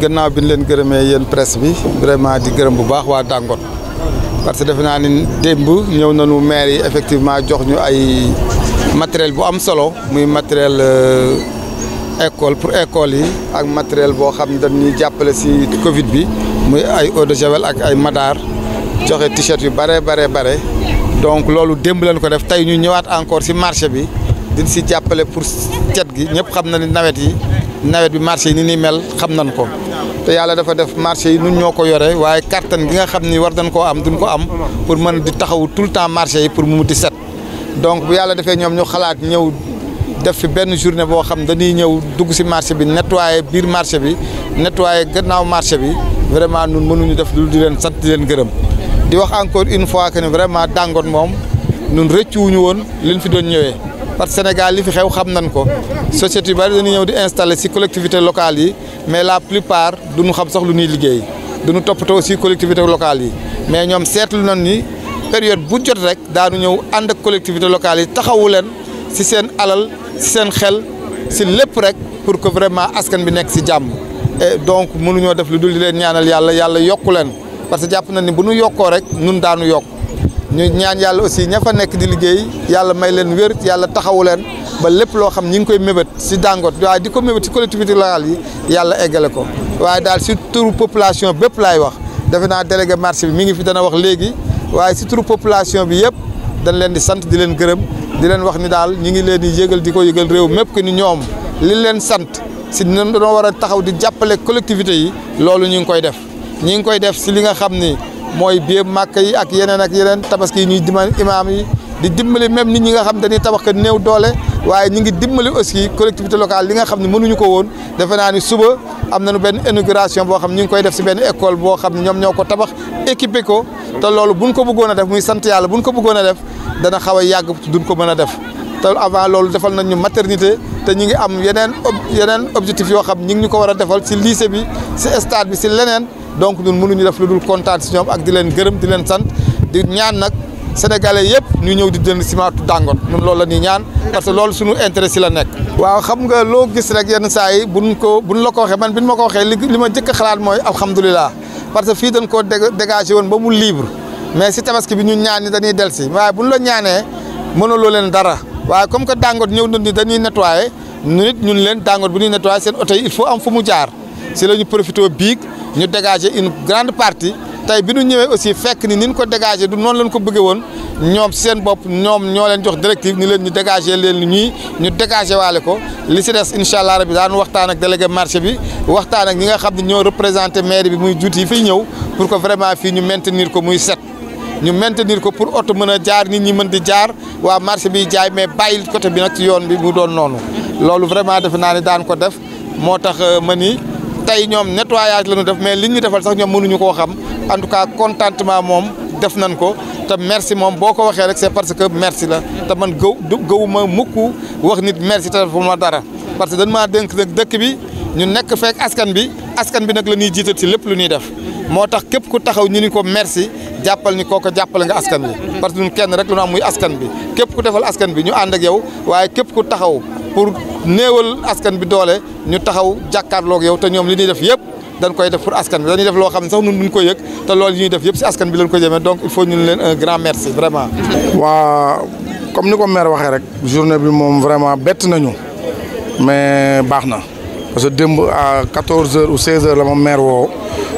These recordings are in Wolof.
gannaaw bi ñu leen gërëmee yéen presse bi vraiment di gërëm bu baax waa Dangote parce que defe naa ni démb ñëw nañu maire yi effectivement jox ñu ay matériel bu am solo muy matériel euh, école pour école yi ak matériel boo xam ne dañuy jàppale si Covid bi muy ay eau de javel ak ay madaar joxe t-shirt yu bare bare bare donc loolu démb leen ko def tey ñu ñëwaat encore si marché bi din si jàppale pour cet gi ñëpp xam na ni nawet yi nawet bi marché yi ni ni mel xam nañ ko te yàlla dafa def marché yi nun ñoo ko yore waaye kartan gi nga xam ni war dañ koo am duñ ko am pour mën di taxaw tout le temps marché yi pour mu di set donc bu yàlla defee ñoom ñu xalaat ñëw def fi benn journée boo xam dañuy ñëw dugg si marché bi nettoyer biir marché bi nettoyer gannaaw marché bi vraiment nun mënuñu def lu di leen sat di leen gërëm di wax encore une fois que ni vraiment Dangote moom nun rëccuwuñu woon liñ fi doon ñëwee parce que Sénégal li fi xew xam nañ ko société yu bari dañuy ñëw di installer ci collectivité locale yi mais la plupart duñu xam sax lu ñuy liggéey duñu toppatoo aussi collectivité locale yi mais ñoom seetlu nañ ni période bu jot rek daanu ñëw ànd ak collectivité locale yi taxawu leen ci seen alal ci seen xel ci lépp rek pour que vraiment askan bi nekk ci jàmm et donc mënuñoo def lu dul di leen ñaanal yàlla yàlla yokku leen parce que jàpp nañ ni bu ñu yokkoo rek ñun daanu yokk ñu ñaan yàlla aussi ña fa nekk di liggéey yàlla may leen wér yàlla taxawu leen ba lépp loo xam ñi ngi koy mébét si Dangote waaye di ko mébét si collectivité locale yi yàlla eggale ko waaye daal si turu population bépp laay wax defe naa délégué marché bi mi ngi fi dana wax léegi waaye si turu population bi yëpp dañ leen di sant di leen gërëm di leen wax ni daal ñi ngi leen di yëgal di ko yëgal réew mépp que ni ñoom li leen sant si nan dañoo war a taxaw di jàppale collectivité yi loolu ñu ngi koy def ñi ngi koy def si li nga xam ni mooy biir màkk yi ak yeneen ak yeneen tabaski yi ñuy dimbali imaam yi di dimbali même ni ñi nga xam dañuy tabax ka néew doole waaye ñu ngi dimbali aussi collectivité locale li nga xam ne mënuñu ko woon defe naa ni suba am nañu benn inauguration boo xam ñu ngi koy def si benn école boo xam ñoom ñoo ko tabax équipé ko te loolu bu buñ ko bëggoon def muy sant yàlla bu buñ ko bëggoon a def dana xaw a yàgg duñ ko mën a def te avant loolu defal nañ ñu maternité te ñu ngi am yeneen yeneen objectif yoo xam ñu ngi ñu ko war a defal si lycée bi si stade bi si leneen donc ñun mënuñu def lu dul kontaan si ñoom ak di leen gërëm di leen sant di ñaan nag sénégale yëpp ñu ñëw di si maatu Dangote ñun loolu la ñuy ñaan parce que loolu suñu intérêt si la nekk waaw xam nga loo gis rek yenn saa bu buñ ko buñ la ko waxee man bi nu ma ko waxee li ma jëkk xalaat mooy alhamdulilah parce que fii dañ koo dégagé woon ba mu libre mais si tabaski bi ñun ñaan ni dañuy del si waaye buñ la ñaanee mënuloo leen dara waaye comme que Dangote ñëw na ni dañuy nettoyé nit ñun leen Dangote bu ñuy nettoyé seen oto yi il fu mu jaar si la ñu profité biig ñu dégager une grande partie tey bi nu ñëwee aussi fekk ni niñ ko dégager du noonu leen ko bëggee woon ñoom seen bopp ñoom ñoo leen jox directive ni leen ñu dégager leen ñuy ñu dégager waale ko li si des incha allah rabi daan waxtaan ak délégué marché bi waxtaan ak ñi nga xam ne ñoo représenté maire bi muy juuti fi ñëw pour que vraiment fii ñu maintenir ko muy set. ñu maintenir ko pour oto mën a jaar nit ñi mën di jaar waa marché bi jaay mais bàyyil côté bi nag ci yoon bi mu doon noonu loolu vraiment defe naa ne daan ko def moo tax euh, ma ni tey ñoom nettoyage la ñu def mais li ñu defal sax ñoom mënuñu koo xam en contentement moom def nañ ko te merci moom boo ko waxee rek c'est parce que merci la te man gëw gëwuma mukk wax nit merci te fu ma dara parce que dañ maa dénk nag dëkk bi ñu nekk fekk askan bi askan bi nag la ñuy jiital ci lépp lu ñuy def moo tax képp ku taxaw ñu ni ko merci jàppal ni ko jàppale nga askan bi parce que ñun kenn rek lu ñu am muy askan bi képp ku defal askan bi ñu ànd ak yow néewal askan bi doole ñu taxaw jàkkaarloog yow te ñoom li ñuy def yëpp dañ koy def pour askan bi dañuy def loo xam ne sax ñun duñ koy yëg te lool yi ñuy def yëpp si askan bi lañ koy jëmee donc il faut ñu leen grand merci vraiment. waa comme ni ko maire waxee rek journée bi moom vraiment bett nañu mais baax na parce que démb à 14 heures ou 16 heures la ma maire woo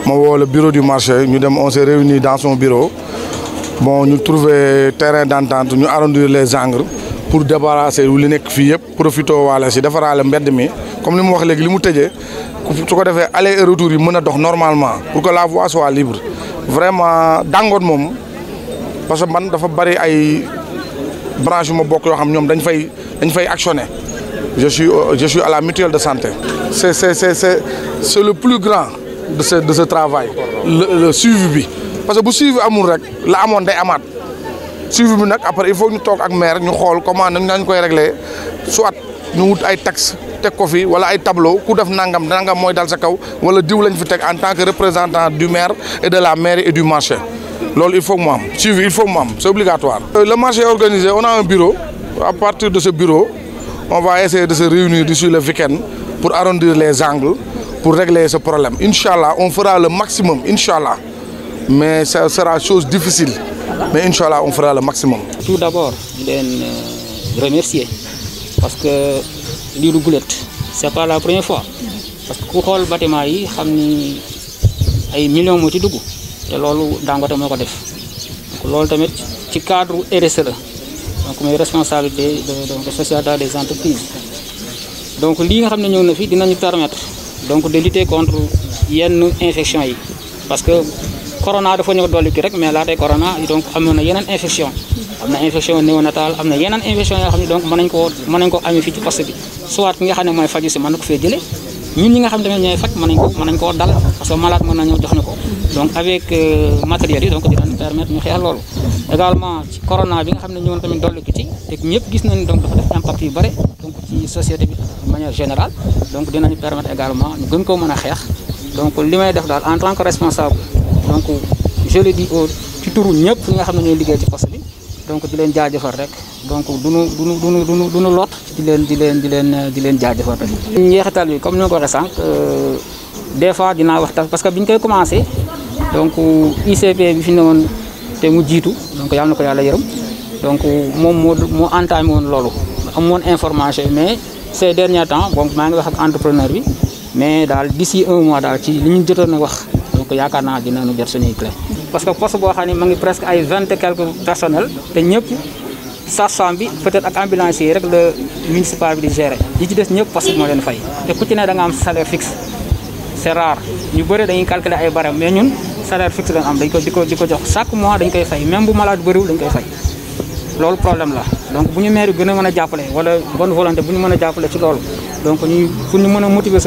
ma woo le bureau du marché ñu dem on s'est réunis dans son bureau bon ñu trouver terrain d'entente ñu arrondir les angles. pour débarrasser wu li nekk fii yëpp profito waale si defaraale mbedd mi comme li mu wax léegi li mu tëjee su ko defee aller et yi mën a dox normalement pour que la voie soit libre vraiment dàngoon moom parce que man dafa bari ay branche yu ma bokk yoo xam ñoom dañ fay dañ fay actionné je suis je suis à la mutuelle de santé c'est c'est c'est le plus grand de ce de le suivi bi parce que bu suivi amul rek la amoon day amaat suivi bi nag après il faut ñu toog ak maire ñu xool comment nañ koy réglé soit ñu wut ay taxe teg ko fi wala ay tableau ku def nangam nangam mooy dal sa kaw wala diw lañ fi teg en tant que représentant du maire et de la mairie et du marché loolu il faut mu am suivi il faut mu am c'est obligatoire. Euh, le marché est organisé on a un bureau à partir de ce bureau on va essayer de se réunir d'ici le week-end pour arrondir les angles pour régler ce problème incha allah on fera le maximum incha allah mais ça sera chose difficile mais inchallah on fera le maximum tout d'abord leen euh, remercier parce que lii du gulet c'est pas la première fois parce que ku xool bâtiment yi xam ni ay million moo ci dugg te loolu Dangote moo ko def loolu tamit ci cadre RSE la donc mooy responsabilité de de des entreprises donc lii nga xam ne ñëw na fi dinañu permettre donc de lutter contre yenn infection yi parce que corona dafa ñëw dolli ki rek mais laatee corona donc amoon na yeneen infection am na infection néonatale am na yeneen infection yoo xam ne donc mën nañ ko amee fii ci poste bi soit ki nga xam ne mooy faju si mën na ko fee jëlee ñun ñi nga xam ne ñooy faj mën nañ ko dal parce que malade mën na ñëw jox ñu ko donc avec euh, matériel yi donc dinañ permettre ñu xeex loolu également corona bi nga xam ne ñëwoon tamit dolli ki ci te gis nañ donc dafa def li may def daal en tant que responsable donc je le dis ci turu ñëpp ñi nga xam ne ñooy liggéey ci poste bi donc di leen jaajëfal rek donc du nu du nu du nu du nu lot di leen di leen di leen di leen jaajëfal rek. njeexital bi comme ni nga ko waxee sànq euh, des fois dinaa waxtaan parce que bi ñu koy commencé donc ICP bi fi ne woon te mu jiitu donc yàlla na ko yàlla yërëm donc moom moo moo entamé woon loolu. amoon information mais ces derniers temps donc maa ngi wax ak entrepreneur bi mais daal d'ici un mois daal ci li ñu jotoon a wax. yaakaar naa dinañu jot suñuy clé parce que poste boo xam ne ngi presque ay vingt et personnel te ñëpp sage bi peut-être ak ambulance rek la municipal bi di gérer ñi ci des ñëpp poste bi moo leen fay te ku ne da nga am salaire fixe c'est rare ñu bëri dañuy calculer ay barème mais ñun salaire fixe lañ am di ko di ko jox chaque mois dañ koy fay même bu malade dañ koy fay loolu problème la donc bu ñu maire gën a mën a jàppale wala bonne volonté a a motiver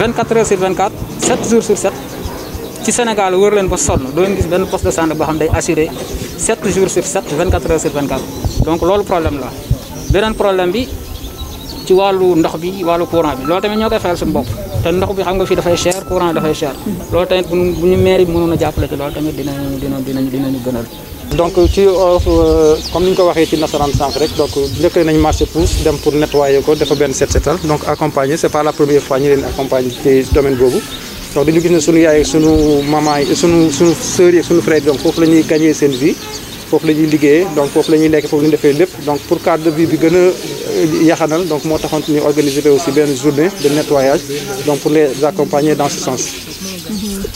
24 heures sur 24 7 jours sur 7 ci Sénégal wër leen ba sonn doo gis benn poste de santé boo xam day assuré 7 jours sur 7 24 heures sur 24 donc loolu problème la beneen problème bi ci wàllu ndox bi wàllu courant bi loolu tamit ñoo koy fayal suñu bopp te ndox bi xam nga fii dafay cher courant dafay cher loolu tamit bu ñu mairie bi mënoon a jàppale ci loolu tamit dinañu dinañu dinañu gënal donc ci euh, comme ni ñu ko waxee ci nasaraan sànq rek donc njëkkee nañ marché Pouce dem pour nettoyer ko dafa benn set setal donc accompagner c'est pas la première fois ñu leen accompagner ci domaine boobu donc ñu gis ne sunu yaay sunu maman yi sunu sunu sœurs yi sunu frère donc foofu la ñuy gagner seen vie foofu la ñuy liggéeyee donc foofu la ñuy nekk foofu la ñuy defee lépp donc pour cadre de vie bi gën a euh, yaxanal donc moo taxoon ñu organiser si benn journée de nettoyage donc pour les dans ce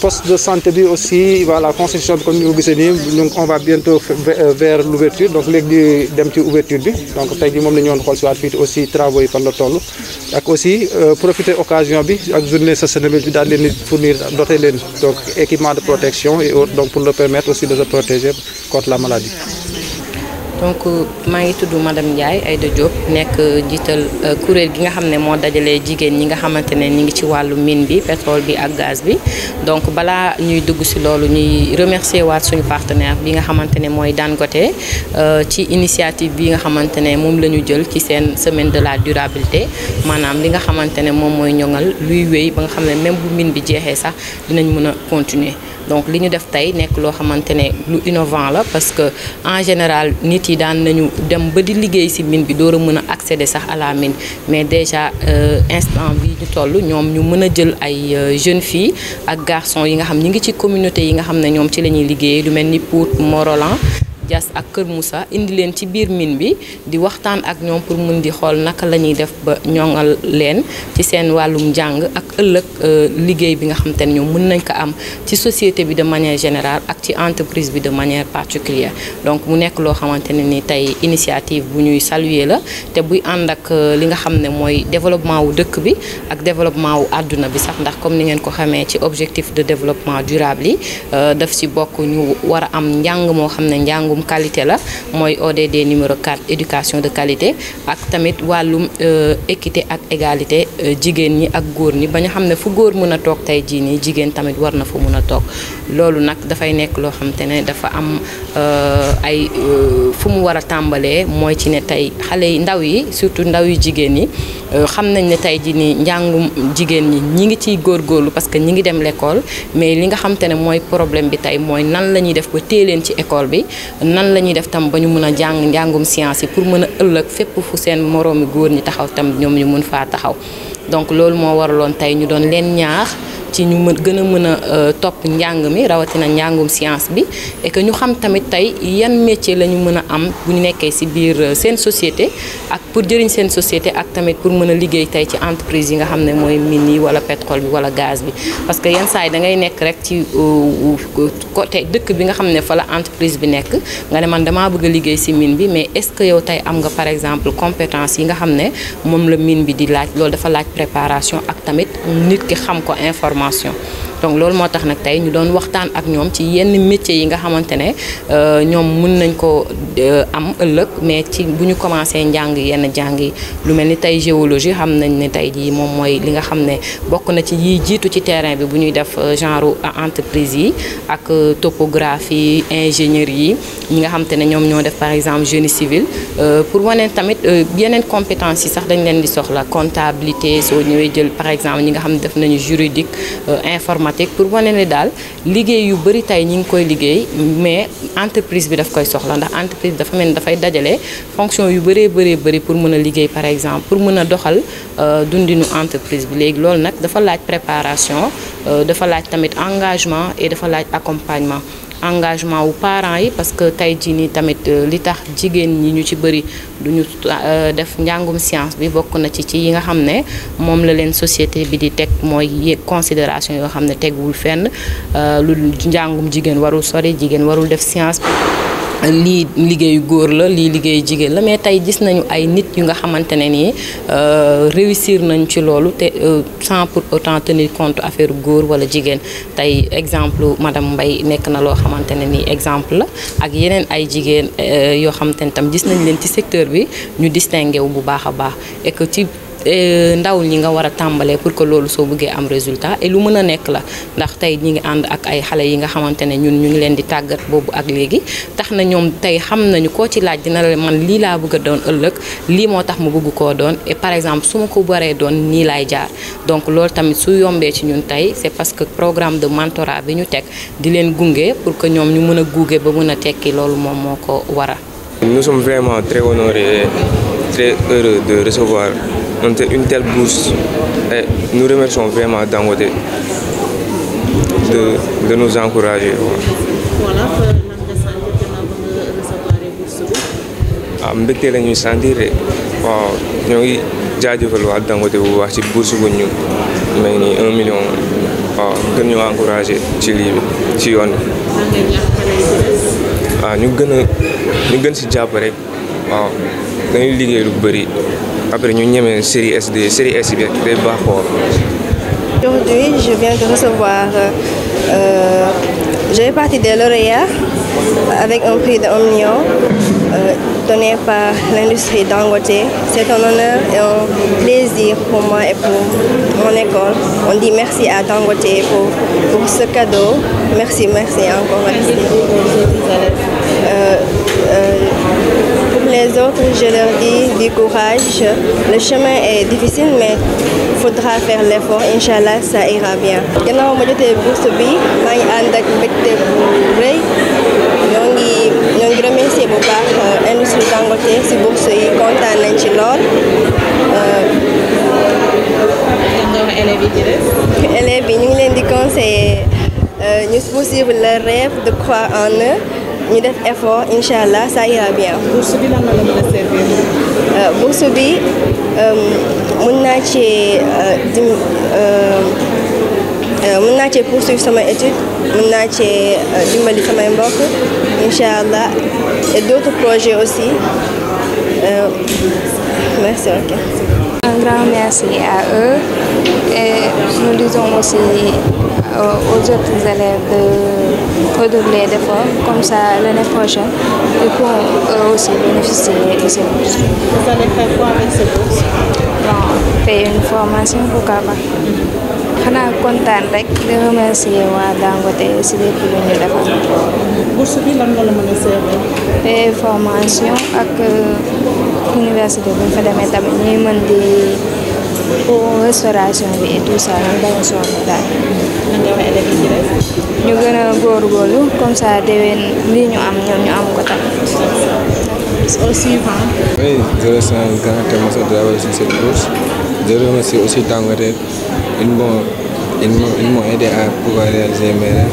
poste de santé bi aussi voilà construction bi comme ni ko gisee nii donc on va bientôt euh, vers l'ouverture donc léegi dem ci ouverture bi donc tey moom la ñu doon xool si waat fii aussi travaux yi la toll ak aussi euh, profiter occasion bi ak journée Senelec bi daal leen di fournir doter leen donc équipement de protection et autres donc pour le permettre aussi de se protéger contre la maladie. donc euh, maa ngi tudd madame Ndiaye Aïda Diop nekk euh, jiital euh, kuréel gi nga xam ne moo dajalee jigéen ñi nga xamante ne ñu ngi ci wàllu mine bi pétrole bi ak gaz bi donc balaa ñuy dugg si loolu ñuy remercier waat suñu partenaire bi nga xamante ne mooy Dangote ci initiative bi nga xamante ne moom la ñu jël ci seen semaine de la durabilité maanaam li nga xamante ne moom mooy ñoŋal luy wéy ba nga xam ne même bu mine bi jeexee sax dinañ mën a continuer donc li ñu def tey nekk loo xamante ne lu innovant la parce que en général nit yi daan nañu dem ba di liggéey ci mine bi door a mën a accéder sax à la mine mais déjà euh, instant bi ñu toll ñoom ñu mën a jël ay euh, jeunes fii ak garçons yi nga xam ñi ngi ci communauté yi nga xam ne ñoom ci la ñuy liggéey du mel ni Pout Morolan Diass ak Kër Moussa indi leen ci biir mine bi di waxtaan ak ñoom pour mun di xool naka la ñuy def ba ñoŋal leen ci seen wàllum njàng ak ëllëg euh, liggéey bi nga xam ne ñoom mun nañ ko am ci société bi de manière générale ak ci entreprise bi de manière particulière donc mu nekk loo xamante ne ni tey initiative bu ñuy saluer la te buy ànd ak euh, li nga xam ne mooy développement wu dëkk bi ak développement wu àdduna bi sax ndax comme ni ngeen ko xamee ci objectif de développement durable yi euh, wàllum qualité la mooy ODD numéro 4 éducation de qualité ak tamit wàllum euh, équité ak égalité euh, jigéen ñi ak góor ñi ba ñu xam ne fu góor mun a toog tey jii nii jigéen tamit war na fa mun a toog loolu nag dafay nekk loo xam te ne dafa am euh, ay euh, fu mu war a tàmbalee mooy ci ne tey xale yi ndaw yi surtout ndaw yu jigéen yi euh, xam nañ ne tey ji ni njàngum jigéen ñi ñi ngi ciy góorgóorlu parce que ñi ngi dem l'école mais li nga xam te ne mooy problème bi tey mooy nan lañuy def ba téye leen ci école bi nan la ñuy def tam ba ñu mën a jàng njàngum science yi pour mën a ëllëg fépp fu seen moroomi góor ñi taxaw tam ñoom ñu mun faa taxaw donc loolu moo waraloon ci ñu mën gën a mën a euh, topp njàng mi rawatina njàngum science bi et que ñu xam tamit tey yan métier la ñu mën a am bu ñu nekkee ci biir euh, seen société ak pour jëriñ seen société ak tamit pour mën a liggéey tey ci entreprise yi nga xam ne mooy mine yi wala pétrole bi wala gaz bi parce que yenn saa yi da ngay nekk rek ci euh, côté dëkk bi nga xam ne fa entreprise bi nekk nga ne man damaa bëgg liggéey ci mine bi mais est-ce que yow tey am nga par exemple compétence yi nga xam ne moom la mine bi di laaj loolu dafa laaj préparation ak tamit nit ki xam ko information formation donc loolu moo tax nag tey ñu doon waxtaan ak ñoom ci yenn métiers yi nga xamante ne euh, ñoom mun nañ ko euh, am ëllëg mais ci bu ñu commencé njàng yenn jàng yi lu mel ni tey géologie xam nañ ne tey jii moom mooy li nga xam ne bokk na ci yiy jiitu ci terrain bi bu ñuy def euh, genre entreprise yi ak topographie ingénieur yi ñi nga xamante ne ñoom ñoo def par exemple génie civil pour waneen tamit yeneen compétence yi sax dañ leen di soxla comptabilité soo ñëwee jël par exemple ñi nga xam ne def nañu juridique informatique teg pour wane ne daal liggéey yu bëri tey ñi ngi koy liggéey mais entreprise bi daf koy soxla ndax entreprise dafa mel ni dafay dajale fonction yu bëree bëree bëri pour mun a liggéey par exemple pour mën a doxal euh, dundinu entreprise bi léegi loolu nag dafa laaj préparation euh, dafa laaj tamit engagement et dafa laaj accompagnement engagement wu parent yi parce que tey jii nii tamit euh, li tax jigéen ñi ñu ci bëri duñu euh, def njàngum science bi bokk na ci ci yi nga xam ne moom la leen société bi di teg mooy considération yoo xam ne teguwul fenn euh, lu njàngum jigéen warul sore jigéen warul def science lii liggéeyu góor la lii liggéeyu jigéen la mais tey gis nañu ay nit yu nga xamante ne nii euh, réussir nañ ci loolu te euh, sans pour autant tenir compte affaire góor wala jigéen tey exemple madame mbay nekk na loo xamante ne nii exemple la ak yeneen ay jigéen euh, yoo xamante ne tam gis nañ leen ci secteur bi ñu distingué bu baax a baax Euh, ndaw ñi nga war a tàmbalee pour que loolu soo bëggee am résultat et lu mën a nekk la ndax tey ñi ngi ànd ak ay xale yi nga xamante ne ñun ñu ngi leen di tàggat boobu ak léegi tax na ñoom tey xam nañu ko ci laaj dina la man lii laa bëgg a doon ëllëg lii moo tax mu bëgg koo doon et par exemple su ma ko baree doon nii laay jaar donc loolu tamit su yombee ci ñun tey c'est parce que programme de mentorat bi ñu teg di leen gunge pour que ñoom ñu mën a gunge ba mën a tekki loolu moom moo ko wara nous sommes très heureux de recevoir une telle bourse et nous remercions vraiment Dangote de, de nous encourager. Voilà. waaw euh, e ah, mbégte la ñuy sentir de waaw ñoo ngi jaajëfal waa Dangote bu baax ci bourse bu ñu may nii un million waaw gën ñoo encouragé ci lii ci yoon bi ah, ñu gën ñu gën ci jàpp rek dañuy liggéey lu bëri après ñu ñemee série S de série S bi day baax Aujourd'hui, je viens de recevoir euh, euh je fais partie des lauréats avec un prix de euh, donné par l'industrie Dangote. C'est un honneur et un plaisir pour moi et pour mon école. On dit merci à Dangote pour, pour ce cadeau. Merci, merci encore. Merci. Euh, euh les autres, je courage. Le chemin est difficile, mais faudra faire l'effort. Inch'Allah, ça ira bien. gannaaw ma jotee bourse bi maa ngi ànd ak mbégte bu rëy ñoo remercier bu baax euh, industrie Dangote ci bourse yi kontaan nañ ci lool. Euh, élèves yi ñu ngi leen di conseiller euh, rêve de croire en eux. ñu def efo incha allah ça ira bien. bourse bi lan la mën a servir. Euh, bourse bi euh, mën naa cee euh, mën naa cee sama étude mën naa cee dimbali samay mbokk incha allah et d' aussi ok. Et nous disons aussi euh, aux autres élèves de redoubler d'efforts, comme ça l'année prochaine, ils pourront aussi bénéficier de ces bourses. une formation pourquoi pas. xanaa kontaan rek di remercier waa Dangote si lépp lu ñu defal. formation ak euh, université bu ñu fa demee tamit pour restauration bi et tout ça ñu bañ a sonn a góorgóorlu comme ça déwén lii ñu am ñoom ñu am ko tamit. au suivant. oui je ressens un grand thème de travail sur cette course. Je remercie aussi Dangote. Ils m'ont ils m'ont aidé à pouvoir réaliser mes rêves.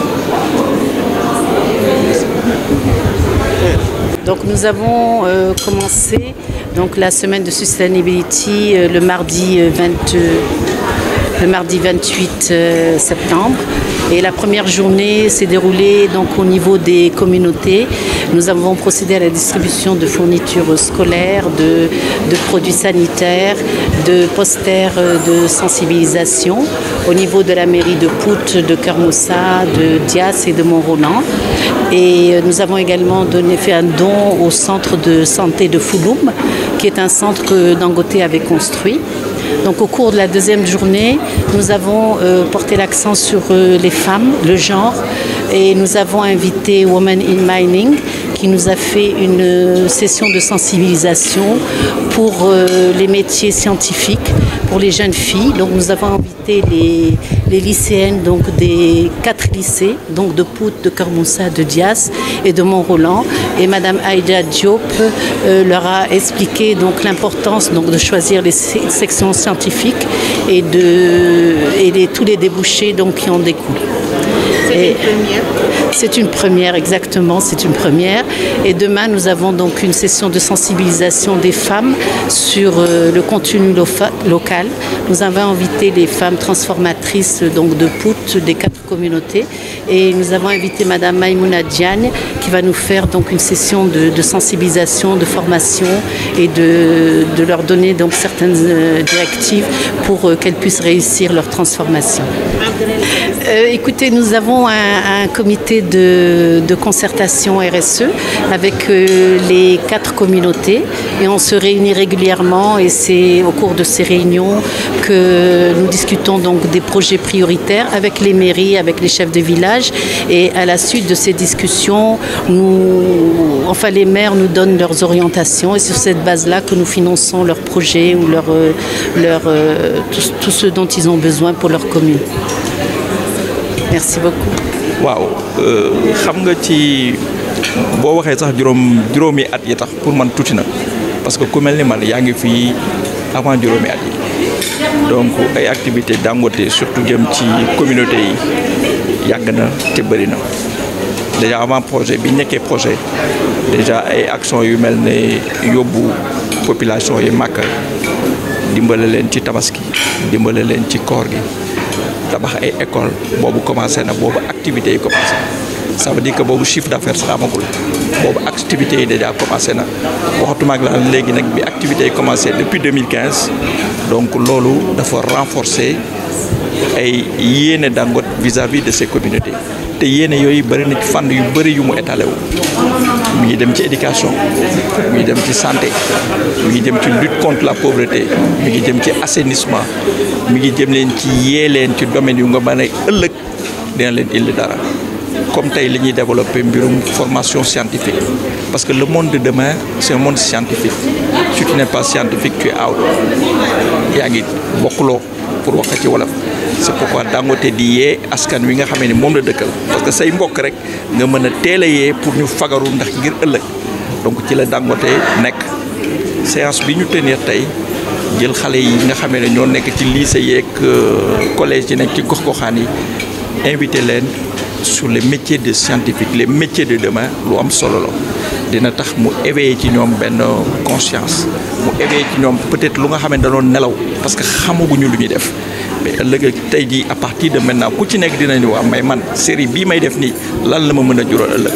Donc nous avons euh, donc, la semaine de sustainability euh, le, mardi, euh, 20, euh, le mardi 28 euh, septembre la première journée s'est déroulée au niveau des communautés. Nous avons procédé à la distribution de fournitures scolaires, de, de produits sanitaires, de posters de sensibilisation au niveau de la mairie de Pout, de Kermoussa, de Dias et de mont nous avons également donné, un don au centre de santé de Fouloum, qui est un centre Dangote avait construit Donc au cours de la deuxième journée, nous avons euh, porté l'accent sur euh, les femmes, le genre, et nous avons invité Women in Mining qui nous a fait une euh, session de sensibilisation pour euh, les métiers scientifiques, pour les jeunes filles. Donc nous avons invité les, les lycéennes donc des quatre lycées, donc de Pout, de Carmoussa, de Dias et de Mont-Roland. Et Madame Aïda Diop euh, leur a expliqué donc l'importance donc de choisir les sections scientifiques et de et les, tous les débouchés donc qui en découlent. Et, C'est une première, exactement, c'est une première. Et demain, nous avons donc une session de sensibilisation des femmes sur euh, le contenu local. Nous avons invité les femmes transformatrices de Pout, des quatre communautés. Et nous avons invité Madame Maïmouna Diagne qui va nous faire donc une session de, de sensibilisation, de formation et de, de leur donner donc certaines euh, directives pour euh, qu'elles puissent réussir leur transformation. Euh, écoutez, nous avons un comité de, de concertation RSE avec euh, les quatre communautés et on se réunit régulièrement et c'est au cours de ces réunions que nous discutons donc des projets prioritaires avec les mairies, avec les chefs de village et à la suite de ces discussions, nous, enfin les maires nous donnent leurs orientations et sur cette base-là que nous finançons leurs projets ou leur, euh, leur, euh, pour leur commune. waaw euh, xam nga ci boo waxee sax juróom juróomi at yi tax pour man tuuti na parce que ku mel ni man yaa ngi fii avant juróomi at yi donc ay activités Dangote surtout jëm ci communauté yi yàgg na ci bëri na déjà avant projet bi nekkee projet déjà ay action yu mel ne yóbbu population yi màkk dimbale leen ci tabaski dimbale leen ci koor gi tabax ay école boobu commencé na boobu activités yi commencé na ça veut dire que boobu chiffre d'affaires sax amagul boobu activités yi déjà commencé na waxatuma ak laal léegi nag bi activités yi commencé depuis 2015 donc loolu dafa renforcer ay yéene Dangote vis-à-vis de ces communautés te yéene yooyu bëri na ci fànn yu bëri yu mu étalé mu ngi dem ci éducation mu ngi dem ci santé mu ngi jëm ci lutte contre la pauvreté mu ngi jëm ci assainissement mu ngi jëm leen ci yee leen ci domaine yu nga mën ëllëg dina leen indi dara comme tey li ñuy développé mbirum formation scientifique parce que le monde de demain c'est un monde scientifique si tu n'es pas scientifique tu es out yaa ngi bokkuloo pour wax ci wolof c'est pourquoi Dangote di yee askan wi nga xame ni moom la dëkkal parce que say mbokk rek nga mën a teel a yee pour ñu fagarul ndax ngir ëllëg donc ci la Dangote nekk séance bi ñu tenir tey jël xale yi nga xamee ne ñoo nekk ci sa yeeg euh, collège yi nekk ci gox-goxaan yi invité leen sur les métiers de scientifique les métiers de demain lu am solo la dina tax mu éveiller ci ñoom benn conscience mu éveiller ci ñoom peut-être lu nga xam ne danoon nelaw parce que xamaguñu lu ñuy def. mais ëllëg ak tey jii à partir de maintenant ku ci nekk dina ni waa may man série bii may def nii lan la ma mën a jural ëllëg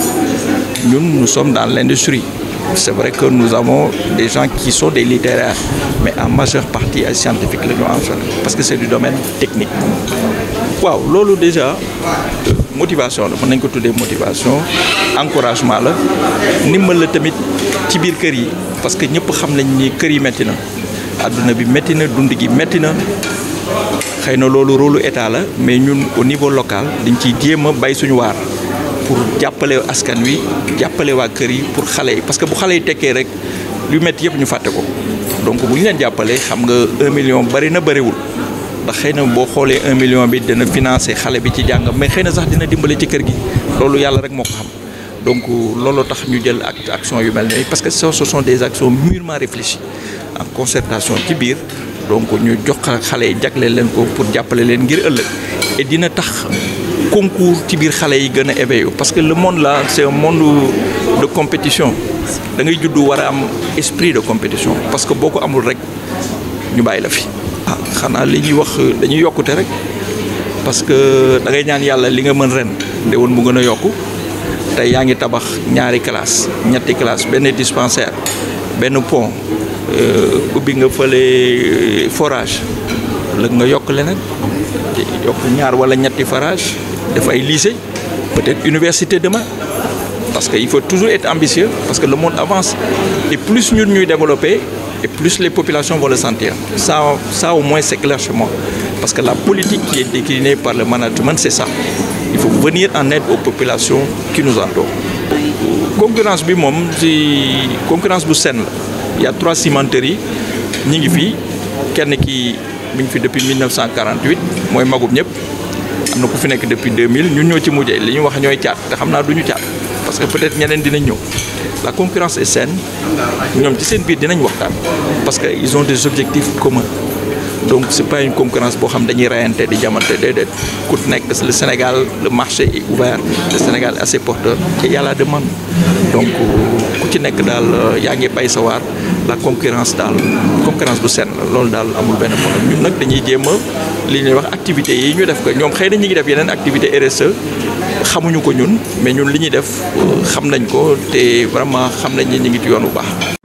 ñun nous sommes dans l'industrie c'est vrai que nous avons des gens qui sont des littéraires mais en majeure partie ay scientifiques la ñu en fait parce que c'est du domaine technique waaw loolu déjà euh, motivation la mën nañ ko tuddee motivation encouragement la ndimbal la tamit ci biir kër yi parce que ñëpp xam nañ ni kër yi métti na àdduna bi métti na dund gi métti na xëy na loolu rôle état la mais ñun au niveau local dañ ciy jéem a bay suñu waar pour jàppale askan wi jàppale waa kër yi pour xale yi parce que bu xale yi tekkee rek lu métti yëpp ñu fàtte ko donc bu ñu leen jàppalee xam nga un million bari na bariwul ndax xëy na boo xoolee un million bi dina financé xale bi ci jàng mais xëy na sax dina dimbale ci kër gi loolu yàlla rek moo ko xam donc looloo tax ñu jël ak action yu mel nii parce que ce sont des actions mûrement réfléchies en concertation ci biir. donc ñu jox xale yi jagleel leen ko pour jàppale leen ngir ëllëg et dina tax concours ci biir xale yi gën a éveillé parce que le monde là c'est un monde de compétition da ngay juddu war a am esprit de compétition parce que boo ko amul rek ñu bàyyi la fi. ah xanaa li ñuy wax dañuy yokkute rek parce que da ngay ñaan yàlla li nga mën ren déwén mu gën a yokku tey yaa ngi tabax ñaari classe ñetti classe benn dispensaire. benn pont euh, ubbi nga fële euh, forage lëg nga yokk leneen yokk ñaar wala ñetti forage def ay lycée peut-être université demain parce que il faut toujours être ambitieux parce que le monde avance et plus ñun ñuy développer et plus les populations vont le sentir ça ça au moins c'est clair parce que la politique qui est déclinée par le management c'est ça il faut venir en aide aux populations qui nous entourent concurrence bi moom ci concurrence bu saine la y trois cimenteries yi ñi ngi fii kenn ki mi ngi fi depuis 1948 mooy magub ñëpp am na ku fi nekk depuis mille ñun ñoo ci mujjee li ñu wax ñooy caat te xam naa du ñu caat parce que peut-être ñeneen dinañ ñëw la concurrence est saine ñoom ci seen biir dinañ waxtaan parce que ils ont des objectifs communs donc c'est pas une concurrence boo xam dañuy rayante di jamante déedéet ku nekk le Sénégal lu marché est ouvert le Sénégal est assez porteur et y de man donc ku ci nekk daal euh, yaa ngi bay sawaar la concurrence daal concurrence bu seen la loolu daal amul benn problème nag dañuy jéem li ñuy wax activité yi ñu def ko ñoom xëy na ñu ngi def yeneen activité RSE xamuñu ko ñun mais ñun li ñuy def euh, xam nañ ko te vraiment xam nañ ni ñu ngi ci yoon wu baax